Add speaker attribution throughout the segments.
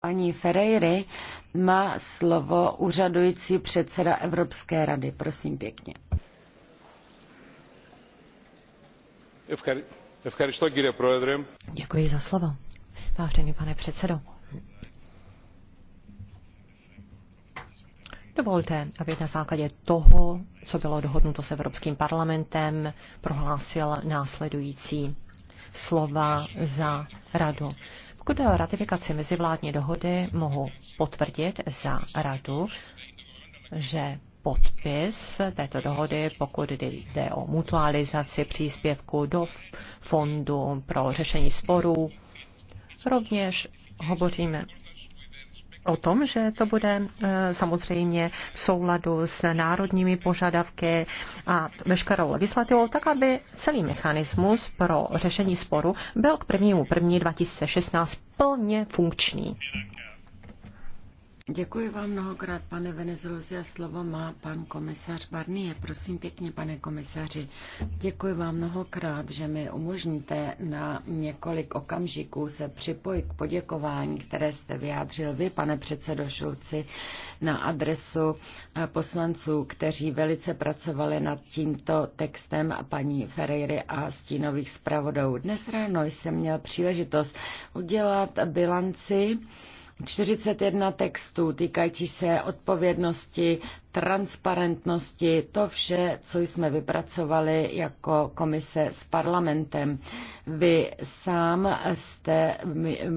Speaker 1: paní Ferreiry má slovo úřadující předseda Evropské rady. Prosím pěkně.
Speaker 2: Děkuji za slovo. Vážený pane předsedo. Dovolte, abych na základě toho, co bylo dohodnuto s Evropským parlamentem, prohlásil následující slova za radu. Pokud jde o ratifikaci mezivládní dohody, mohu potvrdit za radu, že podpis této dohody, pokud jde o mutualizaci příspěvku do fondu pro řešení sporů, rovněž hovoříme o tom, že to bude eh, samozřejmě v souladu s národními požadavky a veškerou legislativou, tak aby celý mechanismus pro řešení sporu byl k 1. 1. 2016 plně funkční.
Speaker 1: Děkuji vám mnohokrát, pane Venezelosi, a slovo má pan komisař Barnier. Prosím pěkně, pane komisaři, děkuji vám mnohokrát, že mi umožníte na několik okamžiků se připojit k poděkování, které jste vyjádřil vy, pane předsedo Šulci, na adresu eh, poslanců, kteří velice pracovali nad tímto textem a paní Ferreiry a stínových zpravodou. Dnes ráno jsem měl příležitost udělat bilanci 41 textů týkající se odpovědnosti transparentnosti, to vše, co jsme vypracovali jako komise s parlamentem. Vy sám jste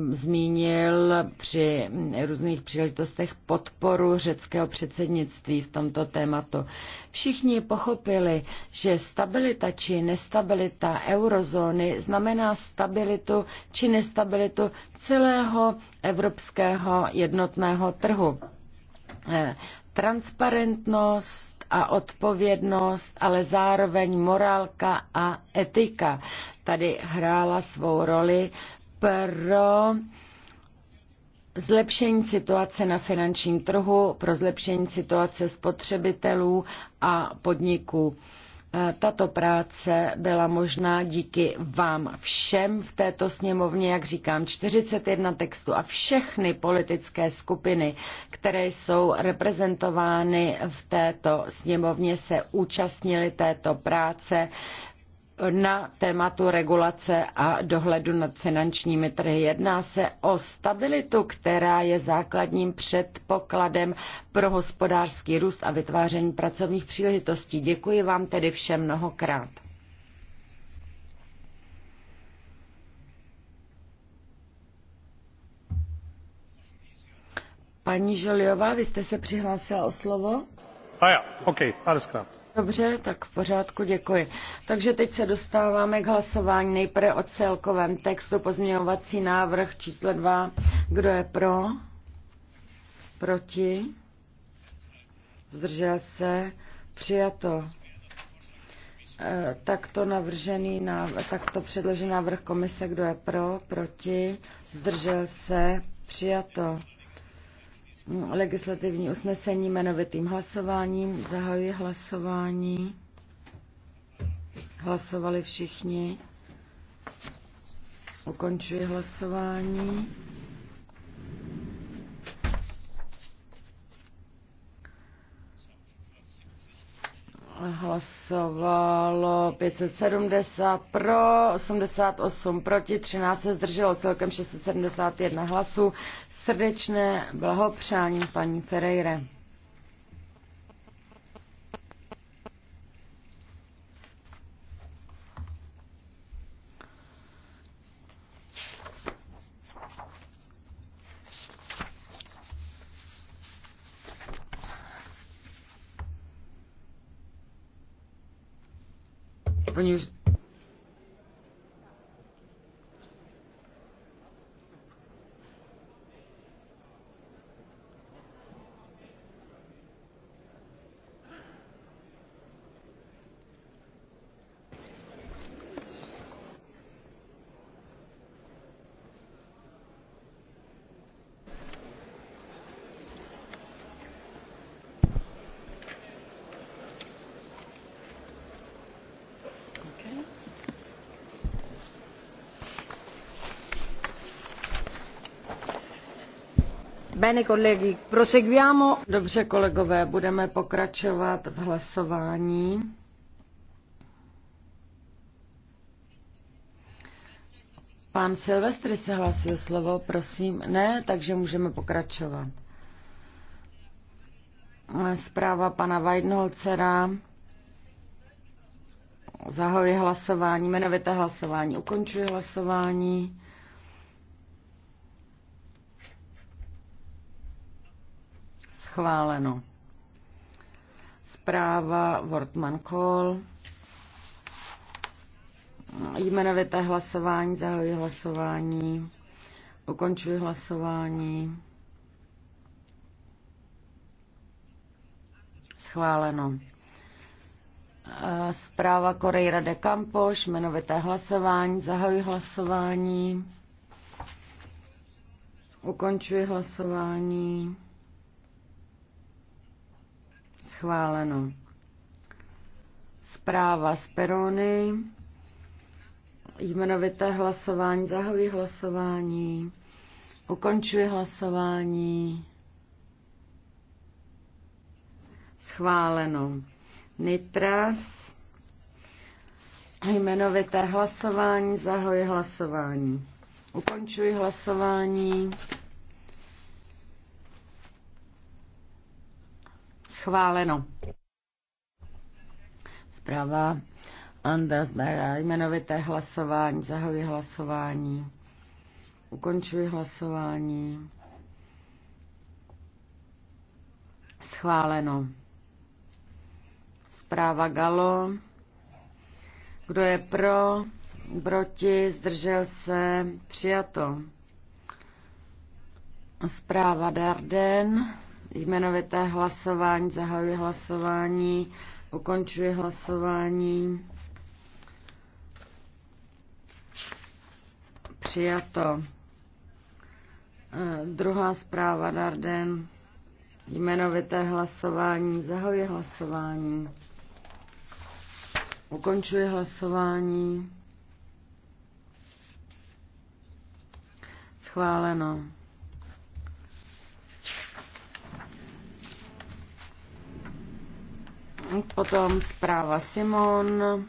Speaker 1: zmínil při různých příležitostech podporu řeckého předsednictví v tomto tématu. Všichni pochopili, že stabilita či nestabilita eurozóny znamená stabilitu či nestabilitu celého evropského jednotného trhu Eh, transparentnost a odpovědnost, ale zároveň morálka a etika tady hrála svou roli pro zlepšení situace na finančním trhu, pro zlepšení situace spotřebitelů a podniků. Tato práce byla možná díky vám všem v této sněmovně, jak říkám, 41 textů a všechny politické skupiny, které jsou reprezentovány v této sněmovně, se účastnily této práce na tématu regulace a dohledu nad finančními trhy. Jedná se o stabilitu, která je základním předpokladem pro hospodářský růst a vytváření pracovních příležitostí. Děkuji vám tedy všem mnohokrát. Paní Žoliová, vy jste se přihlásila o slovo?
Speaker 3: A já, OK, alles klar.
Speaker 1: Dobře, tak v pořádku, děkuji. Takže teď se dostáváme k hlasování nejprve o celkovém textu pozměňovací návrh číslo 2. Kdo je pro? Proti? Zdržel se? Přijato. E, takto navržený návrh, takto předložený návrh komise, kdo je pro, proti, zdržel se, přijato legislativní usnesení jmenovitým hlasováním. Zahajuji hlasování. Hlasovali všichni. Ukončuji hlasování. hlasovalo 570 pro, 88 proti, 13 se zdrželo, celkem 671 hlasů. Srdečné blahopřání paní Ferreire. Oni už Dobře, kolegové, budeme pokračovat v hlasování. Pan Silvestry se hlásil slovo, prosím. Ne, takže můžeme pokračovat. Zpráva pana Weidenholzera. Zahoji hlasování, jmenovité hlasování. Ukončuji hlasování. Schváleno. Zpráva Wortman Call. Jmenovité hlasování, zahajuji hlasování, ukončuji hlasování. Schváleno. Eh, zpráva Korejra de Campoš, jmenovité hlasování, zahajuji hlasování, ukončuji hlasování. Schváleno. Zpráva z Perony. Jmenovité hlasování. zahoví hlasování. Ukončuji hlasování. Schváleno. Nitras. Jmenovité hlasování. Zahoji hlasování. Ukončuji hlasování. Schváleno. Zpráva Andersbera. Jmenovité hlasování. zahoji hlasování. Ukončuji hlasování. Schváleno. Zpráva Galo. Kdo je pro? Proti? Zdržel se? Přijato. Zpráva Darden. Jmenovité hlasování, zahajuji hlasování, ukončuji hlasování. Přijato. Eh, druhá zpráva, Darden. Jmenovité hlasování, zahajuji hlasování. Ukončuji hlasování. Schváleno. Potom zpráva Simon, eh,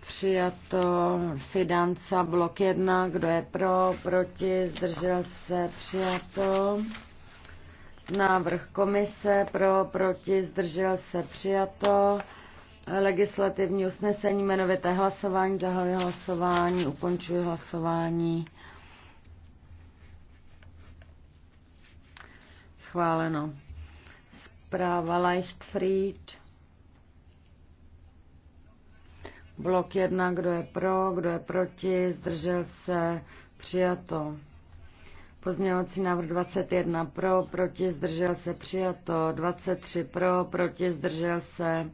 Speaker 1: přijato Fidanca, blok 1, kdo je pro, proti, zdržel se, přijato. Návrh komise pro, proti, zdržel se, přijato. Legislativní usnesení, jmenovité hlasování, zahajuji hlasování, ukončuji hlasování. Schváleno. Práva Leichtfried. Blok 1, kdo je pro, kdo je proti, zdržel se, přijato. Pozměňovací návrh 21 pro, proti, zdržel se, přijato. 23 pro, proti, zdržel se,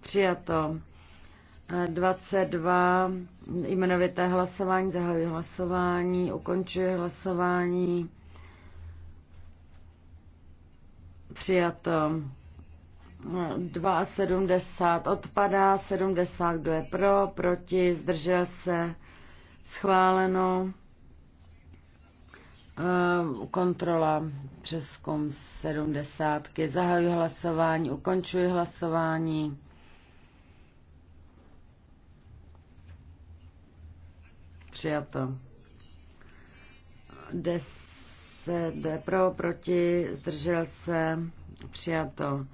Speaker 1: přijato. 22 jmenovité hlasování, zahajuji hlasování, ukončuji hlasování. Přijato. 2,70 ehm, odpadá, 70 kdo je pro, proti, zdržel se, schváleno. Ehm, kontrola přeskum 70. Zahajuji hlasování, ukončuji hlasování. Přijato. 10 CD pro, proti, zdržel se, přijato.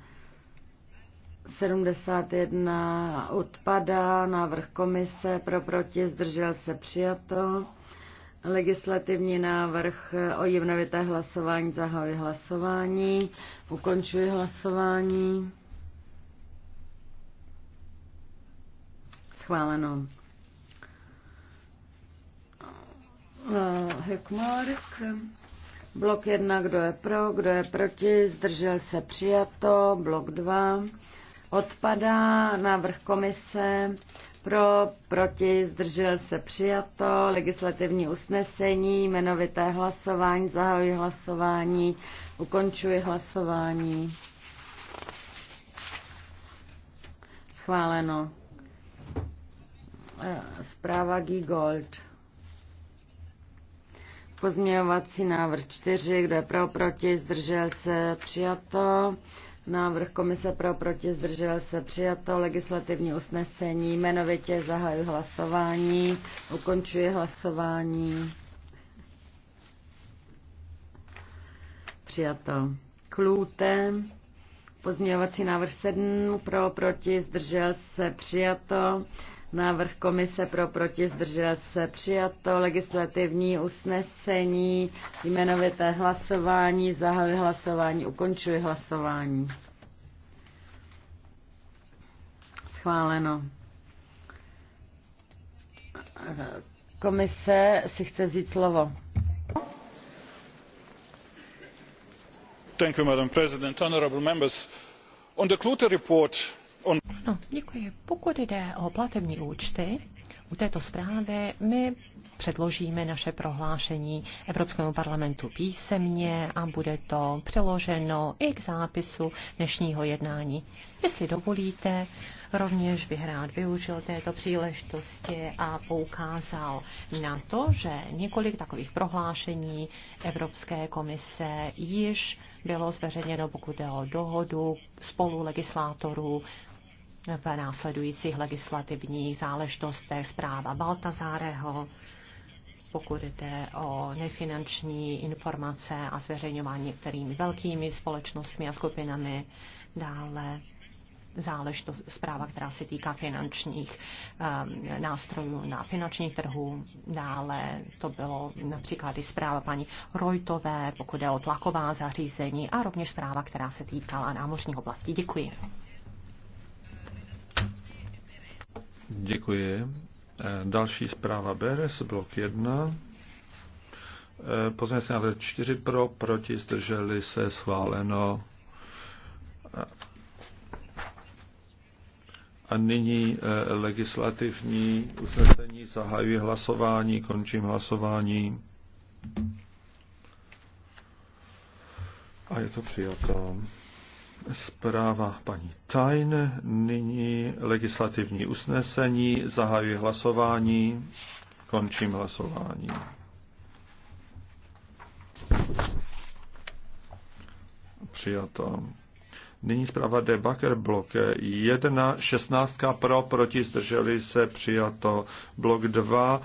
Speaker 1: 71 odpadá, návrh komise pro, proti, zdržel se, přijato. Legislativní návrh o jivnovité hlasování, zahajuji hlasování, ukončuji hlasování. Schváleno. Hekmark. Eh, Blok 1, kdo je pro, kdo je proti, zdržel se přijato. Blok 2 odpadá, návrh komise pro, proti, zdržel se přijato, legislativní usnesení, jmenovité hlasování, zahajuji hlasování, ukončuji hlasování. Schváleno. Eh, zpráva Gigold. Pozměňovací návrh 4, kdo je pro, proti, zdržel se, přijato. Návrh komise pro, proti, zdržel se, přijato. Legislativní usnesení, jmenovitě zahajuji hlasování, ukončuji hlasování. Přijato. Klůte. Pozměňovací návrh 7, pro, proti, zdržel se, přijato. Návrh komise pro proti se přijato. Legislativní usnesení, jmenovité hlasování, zahajuji hlasování, ukončuji hlasování. Schváleno. Komise si chce vzít slovo.
Speaker 3: Thank you, Madam President. Honorable members, on the Klute report, on...
Speaker 2: No, děkuji. Pokud jde o platební účty, u této zprávy my předložíme naše prohlášení Evropskému parlamentu písemně a bude to přeloženo i k zápisu dnešního jednání. Jestli dovolíte, rovněž bych rád využil této příležitosti a poukázal na to, že několik takových prohlášení Evropské komise již bylo zveřejněno, pokud jde o dohodu legislátorů v následujících legislativních záležitostech zpráva Baltazáreho, pokud jde o nefinanční informace a zveřejňování některými velkými společnostmi a skupinami, dále záležitost, zpráva, která se týká finančních um, nástrojů na finančních trhu. Dále to bylo například i zpráva paní Rojtové, pokud je o tlaková zařízení a rovněž zpráva, která se týkala námořních oblastí. Děkuji.
Speaker 3: Děkuji. Eh, další zpráva BRS, blok 1. Eh, pozměňovací návrh 4 pro, proti, zdrželi se, schváleno. A nyní eh, legislativní usnesení zahajuje hlasování, končím hlasování. A je to přijatelné. Zpráva paní Tajn, nyní legislativní usnesení, zahajuji hlasování, končím hlasování. Přijato. Nyní zpráva Debaker blok 1, 16 pro, proti zdrželi se, přijato. Blok 2,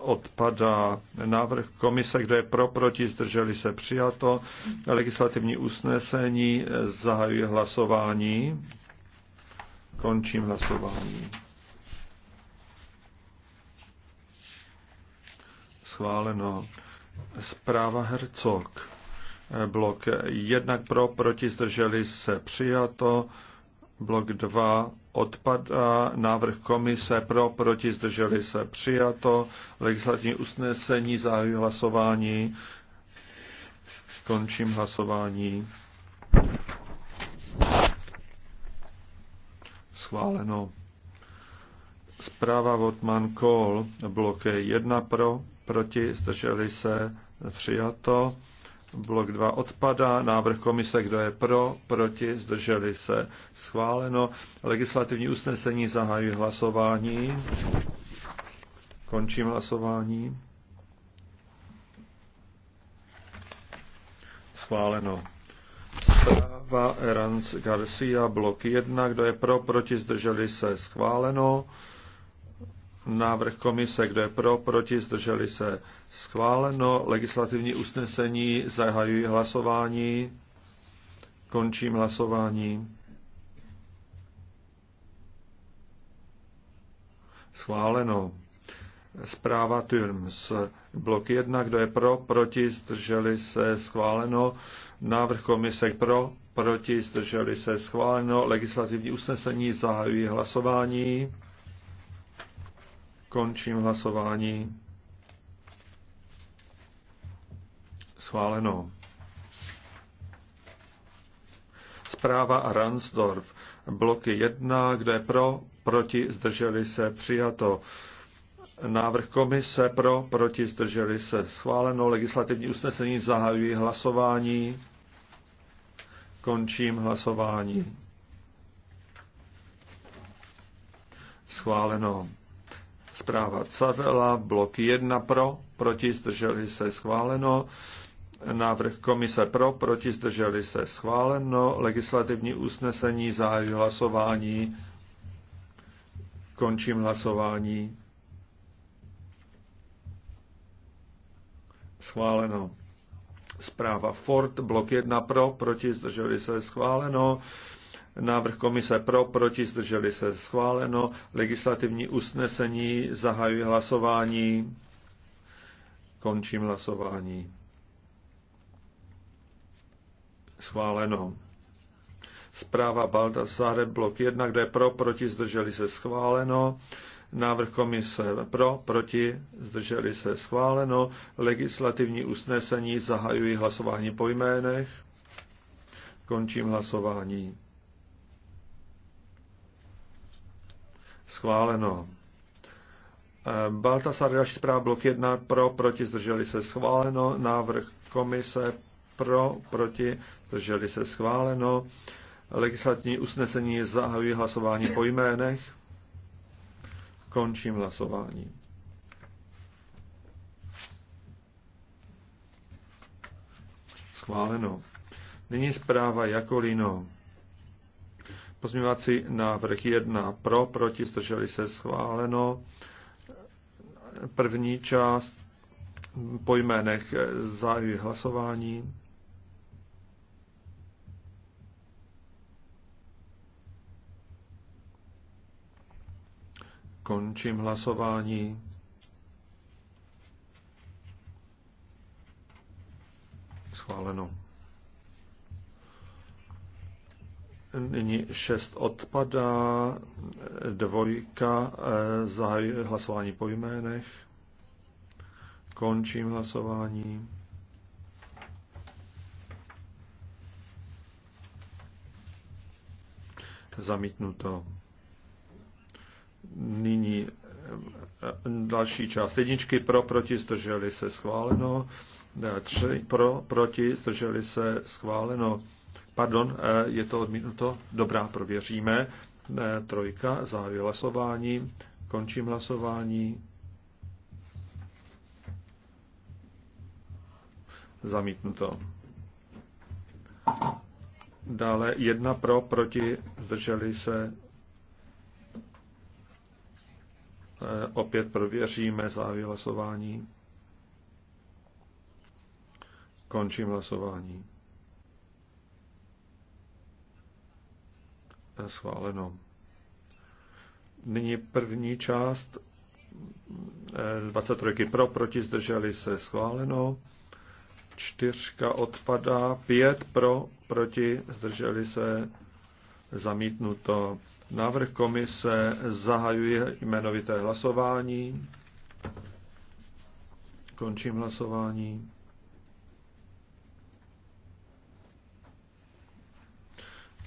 Speaker 3: odpadá návrh komise, kde je pro, proti, zdrželi se přijato. Legislativní usnesení zahajuje hlasování. Končím hlasování. Schváleno. Zpráva Hercog. Blok Jednak pro, proti, zdrželi se přijato blok 2 odpadá, návrh komise pro, proti, zdrželi se, přijato, legislativní usnesení, zahajuji hlasování, končím hlasování. Schváleno. Zpráva Votman Kohl, blok 1 pro, proti, zdrželi se, přijato. Blok 2 odpadá. Návrh komise, kdo je pro, proti, zdrželi se. Schváleno. Legislativní usnesení zahájí hlasování. Končím hlasování. Schváleno. Zpráva Erans Garcia, blok 1, kdo je pro, proti, zdrželi se. Schváleno návrh komise, kdo je pro, proti, zdrželi se. Schváleno legislativní usnesení, zahajuji hlasování, končím hlasování. Schváleno. Zpráva Turms. Blok 1, kdo je pro, proti, zdrželi se, schváleno. Návrh komise pro, proti, zdrželi se, schváleno. Legislativní usnesení, Zahajují hlasování. Končím hlasování. Schváleno. Zpráva Ransdorf. Bloky 1, kde pro, proti, zdrželi se, přijato. Návrh komise pro, proti, zdrželi se, schváleno. Legislativní usnesení zahajují hlasování. Končím hlasování. Schváleno. Zpráva Cavela, blok 1 pro, proti zdrželi se schváleno. Návrh komise pro, proti zdrželi se schváleno. Legislativní usnesení za hlasování. Končím hlasování. Schváleno. Zpráva Ford, blok 1 pro, proti zdrželi se schváleno. Návrh komise pro, proti, zdrželi se schváleno. Legislativní usnesení, zahajuji hlasování, končím hlasování. Schváleno. Zpráva Baldassare, blok 1, kde pro, proti, zdrželi se schváleno. Návrh komise pro, proti, zdrželi se schváleno. Legislativní usnesení zahajují hlasování po jménech. Končím hlasování. schváleno. E, Baltasar Rašit práv blok 1 pro, proti, zdrželi se schváleno. Návrh komise pro, proti, zdrželi se schváleno. Legislativní usnesení zahajují hlasování po jménech. Končím hlasování. Schváleno. Nyní zpráva Jakolino. Pozměňovací návrh 1 pro, proti, zdrželi se schváleno. První část po jménech eh, zahajuji hlasování. Končím hlasování. Schváleno. Nyní šest odpadá, dvojka, eh, zahajuje hlasování po jménech. Končím hlasování. Zamítnuto. Nyní eh, další část. Jedničky pro, proti, zdrželi se schváleno. Eh, tři pro, proti, zdrželi se schváleno. Pardon, eh, je to odmítnuto? Dobrá, prověříme. Eh, trojka zahajuji hlasování. Končím hlasování. Zamítnuto. Dále jedna pro, proti, zdrželi se. Eh, opět prověříme závěr hlasování. Končím hlasování. schváleno. Nyní první část 23 eh, pro, proti zdrželi se schváleno. Čtyřka odpadá, pět pro, proti zdrželi se zamítnuto. Návrh komise zahajuje jmenovité hlasování. Končím hlasování.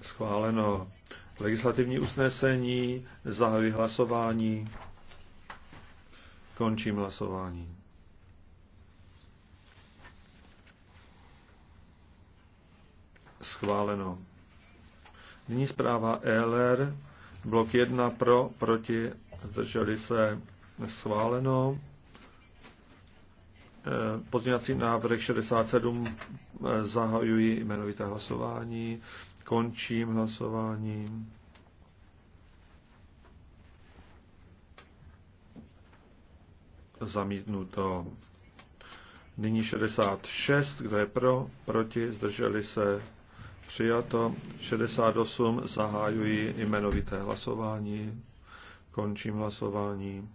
Speaker 3: Schváleno Legislativní usnesení, zahajuji hlasování, končím hlasování. Schváleno. Nyní zpráva ELR, blok 1 pro, proti, zdrželi se, schváleno. Eh, pozměňovací návrh 67 eh, zahajuji jmenovité hlasování. Končím hlasování. Zamítnuto. Nyní 66, kdo je pro, proti, zdrželi se, přijato. 68, zahájuji jmenovité hlasování. Končím hlasování.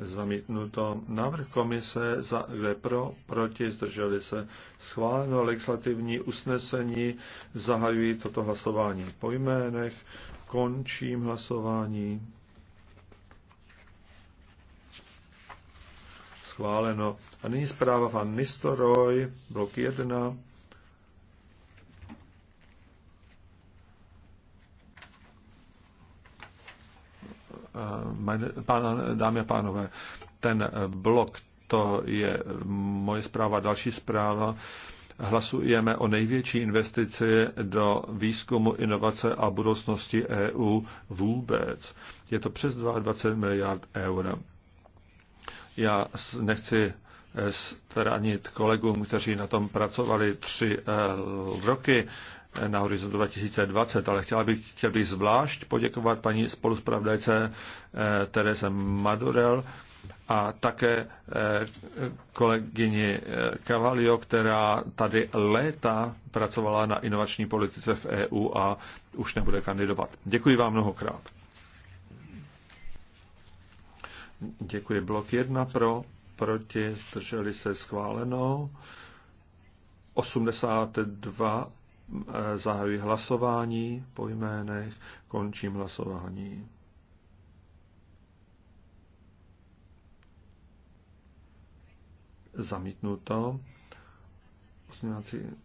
Speaker 3: zamítnuto. Návrh komise za pro, proti, zdrželi se. Schváleno legislativní usnesení, zahajují toto hlasování po jménech, končím hlasování. Schváleno. A nyní zpráva pan Nistoroj, blok 1. dámy a pánové, ten blok, to je moje zpráva, další zpráva, hlasujeme o největší investici do výzkumu, inovace a budoucnosti EU vůbec. Je to přes 22 miliard eur. Já nechci eh, stranit kolegům, kteří na tom pracovali tři eh, roky na horizontu 2020, ale chtěla bych, chtěl bych zvlášť poděkovat paní spoluspravdajce eh, Terese Madurel a také eh, kolegyni eh, Cavalio, která tady léta pracovala na inovační politice v EU a už nebude kandidovat. Děkuji vám mnohokrát. Děkuji. Blok 1 pro, proti, zdrželi se schváleno. 82 Zahajuji hlasování po jménech, končím hlasování. Zamítnuto.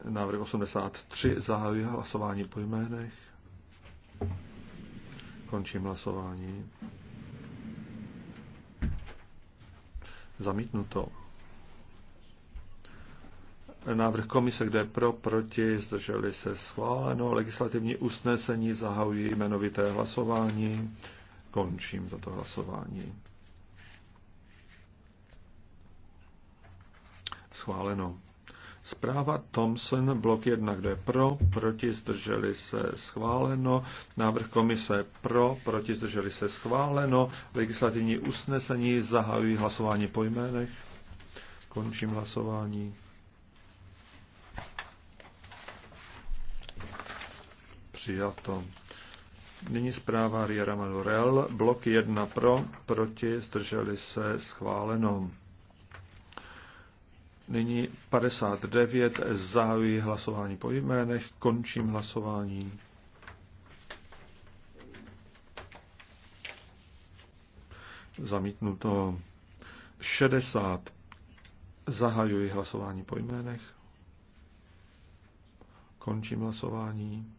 Speaker 3: návrh 83. Zahajuji hlasování po jménech. Končím hlasování. Zamítnuto. Návrh komise, kde pro, proti, zdrželi se schváleno. Legislativní usnesení zahajují jmenovité hlasování. Končím toto hlasování. Schváleno. Zpráva Thomson, blok 1, kde pro, proti, zdrželi se, schváleno. Návrh komise pro, proti, zdrželi se, schváleno. Legislativní usnesení zahajují hlasování po jménech. Končím hlasování. přijato. Nyní zpráva Riera Madurel. Blok 1 pro, proti, zdrželi se, schváleno. Nyní 59, zahajuji hlasování po jménech, končím hlasování. Zamítnuto 60, zahajuji hlasování po jménech, končím hlasování.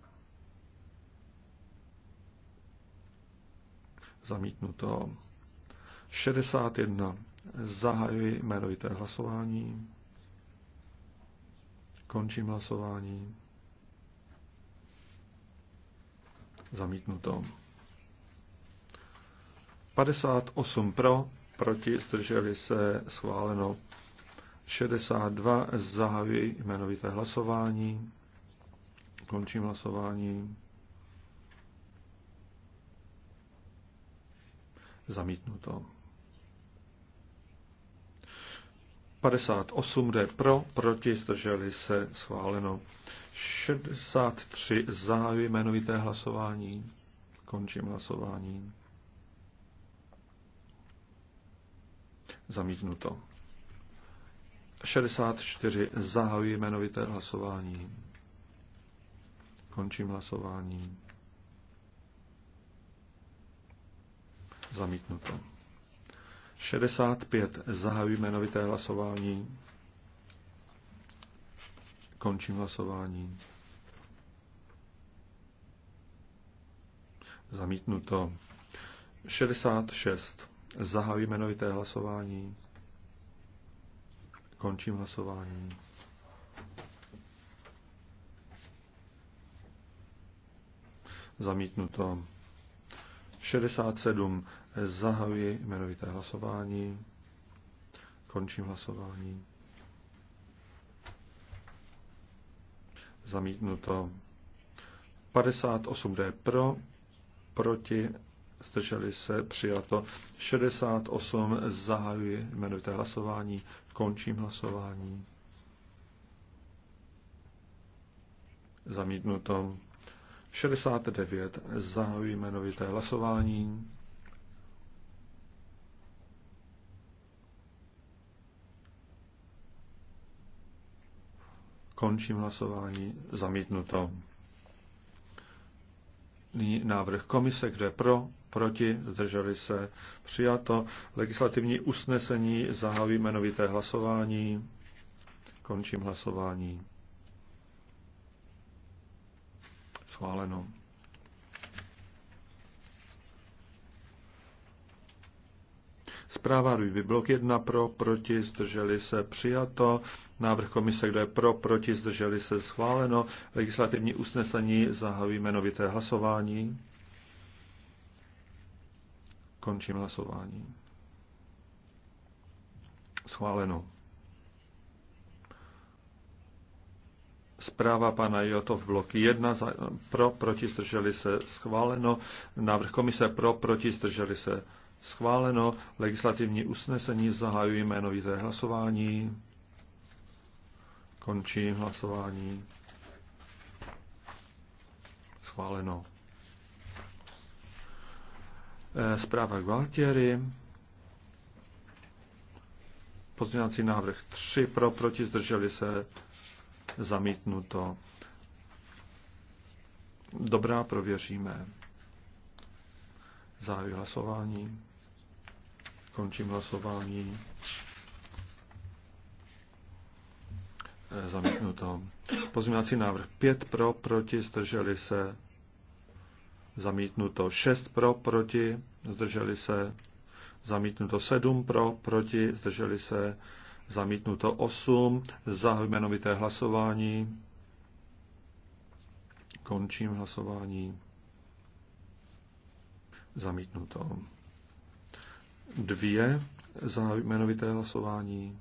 Speaker 3: Zamítnuto. 61. Zahajuji jmenovité hlasování. Končím hlasování. Zamítnuto. 58 pro, proti, zdrželi se, schváleno. 62 zahajuji jmenovité hlasování. Končím hlasování. zamítnuto. 58 jde pro, proti, zdrželi se, schváleno. 63 zahajuji jmenovité hlasování. Končím hlasování. Zamítnuto. 64 zahajuji jmenovité hlasování. Končím hlasování. Zamítnuto. 65. Zahajuji jmenovité hlasování. Končím hlasování. Zamítnuto. 66. Zahajuji jmenovité hlasování. Končím hlasování. Zamítnuto. 67. Zahajuji jmenovité hlasování. Končím hlasování. Zamítnuto. 58 D pro, proti, zdrželi se, přijato. 68 zahajuji jmenovité hlasování, končím hlasování. Zamítnuto. 69. Zahajuji jmenovité hlasování. Končím hlasování. Zamítnuto. Nyní návrh komise, kde pro, proti, zdrželi se, přijato. Legislativní usnesení, zahájí jmenovité hlasování. Končím hlasování. Schváleno. Zpráva Rudy Blok 1 pro, proti, zdrželi se, přijato. Návrh komise, kdo je pro, proti, zdrželi se, schváleno. Legislativní usnesení zahaví jmenovité hlasování. Končím hlasování. Schváleno. Zpráva pana Jotov blok 1 za, pro, proti, zdrželi se, schváleno. Návrh komise pro, proti, zdrželi se, schváleno. Legislativní usnesení zahajuji jmenovité hlasování. Končím hlasování. Schváleno. Eh, zpráva Gualtieri. Pozměňovací návrh 3 pro, proti, zdrželi se, zamítnuto. Dobrá, prověříme. Zahajuji hlasování. Končím hlasování. Eh, zamítnuto. Pozměňovací návrh 5 pro, proti, zdrželi se. Zamítnuto 6 pro, proti, zdrželi se. Zamítnuto 7 pro, proti, zdrželi se zamítnuto 8, Zahojmenovité hlasování, končím hlasování, zamítnuto 2, Zahojmenovité hlasování,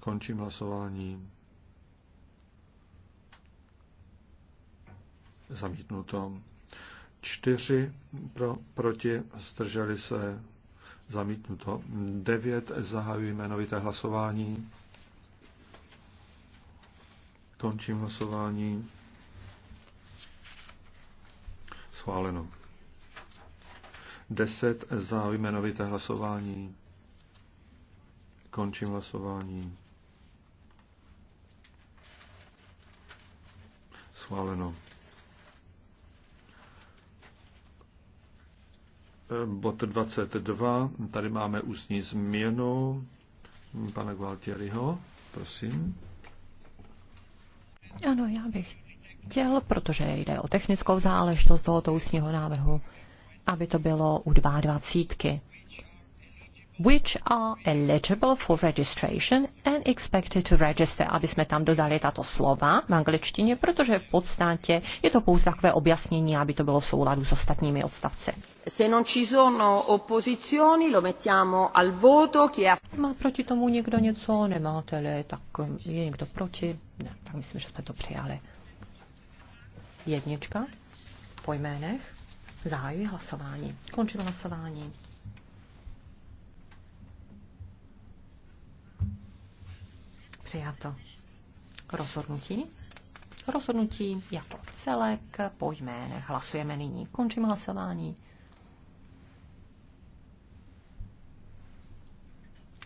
Speaker 3: končím hlasování, zamítnuto 4, pro, proti, zdrželi se Zamítnuto. 9. Zahajuji jmenovité hlasování. Končím hlasování. Schváleno. 10. Zahajuji jmenovité hlasování. Končím hlasování. Schváleno. bod 22. Tady máme ústní změnu pana Gualtieriho. Prosím.
Speaker 2: Ano, já bych chtěl, protože jde o technickou záležitost tohoto ústního návrhu, aby to bylo u 22 which are eligible for registration and expected to register, aby jsme tam dodali tato slova v angličtině, protože v podstatě je to pouze takové objasnění, aby to bylo v souladu s ostatními odstavci. Se non ci sono opposizioni, lo mettiamo al voto. Chi ha... Má proti tomu někdo něco? Nemáte-li, tak um, je někdo proti? Ne, tak myslím, že jsme to přijali. Jednička po jménech. Zahajuji hlasování. Končím hlasování. Přijato. Rozhodnutí. Rozhodnutí jako celek po jménech. Hlasujeme nyní. Končím hlasování.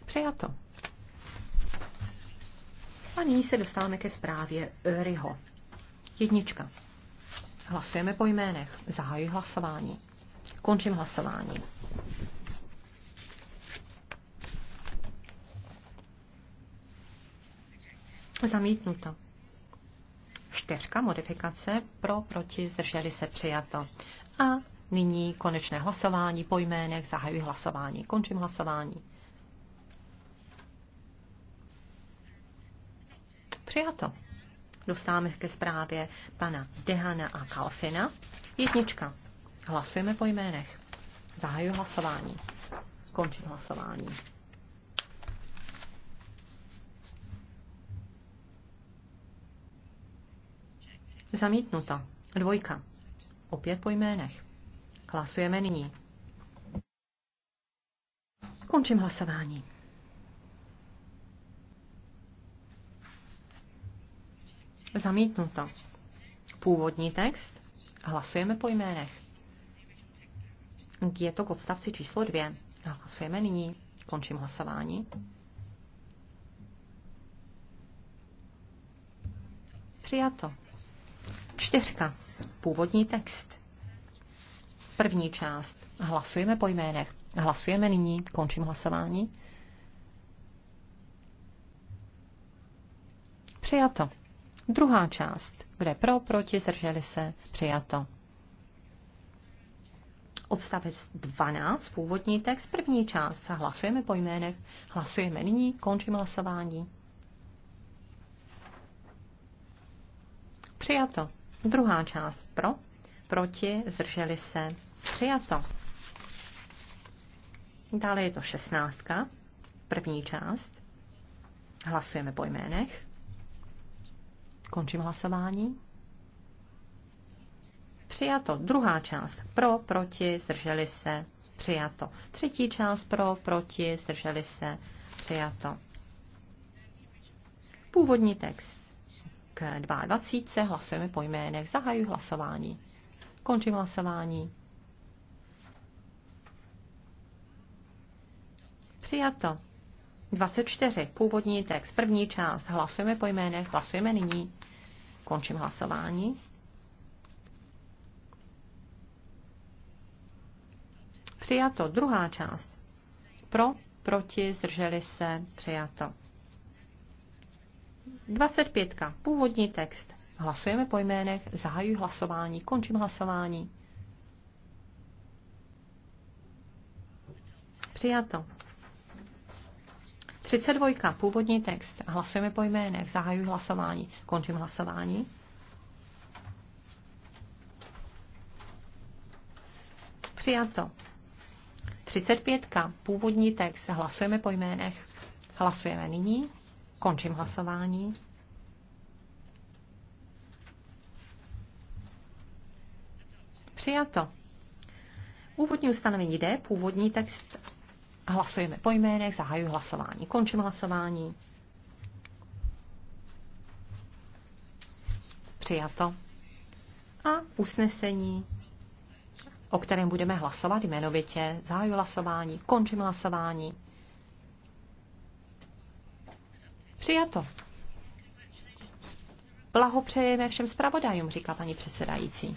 Speaker 2: Přijato. A nyní se dostáváme ke zprávě Ryho. Jednička. Hlasujeme po jménech. Zahajuji hlasování. Končím hlasování. Zamítnuto. Čtyřka modifikace pro, proti, zdrželi se přijato. A nyní konečné hlasování po jménech, zahajuji hlasování, končím hlasování. Přijato. Dostáváme ke zprávě pana Dehana a Kalfina. Jednička. Hlasujeme po jménech. Zahajuji hlasování. Končím hlasování. Zamítnuta. Dvojka. Opět po jménech. Hlasujeme nyní. Končím hlasování. Zamítnuto. Původní text. Hlasujeme po jménech. Je to k odstavci číslo dvě. Hlasujeme nyní. Končím hlasování. Přijato. Čtyřka. Původní text. První část. Hlasujeme po jménech. Hlasujeme nyní. Končím hlasování. Přijato. Druhá část. Kde pro, proti, zdrželi se. Přijato. Odstavec 12, původní text, první část. Hlasujeme po jménech. Hlasujeme nyní. Končím hlasování. Přijato. Druhá část pro, proti, zdrželi se, přijato. Dále je to šestnáctka, první část. Hlasujeme po jménech. Končím hlasování. Přijato. Druhá část. Pro, proti, zdrželi se. Přijato. Třetí část. Pro, proti, zdrželi se. Přijato. Původní text. 22. Hlasujeme po jménech. Zahajuji hlasování. Končím hlasování. Přijato. 24. Původní text. První část. Hlasujeme po jménech. Hlasujeme nyní. Končím hlasování. Přijato. Druhá část. Pro, proti, zdrželi se. Přijato. 25. Původní text. Hlasujeme po jménech, zahajuji hlasování, končím hlasování. Přijato. 32. Původní text. Hlasujeme po jménech, zahajuji hlasování, končím hlasování. Přijato. 35. Původní text. Hlasujeme po jménech. Hlasujeme nyní. Končím hlasování. Přijato. Úvodní ustanovení D, původní text. Hlasujeme po jménech, zahajuji hlasování. Končím hlasování. Přijato. A usnesení, o kterém budeme hlasovat jmenovitě, zahajuji hlasování, končím hlasování. Přijato. Blahopřejeme všem zpravodajům, říká paní předsedající.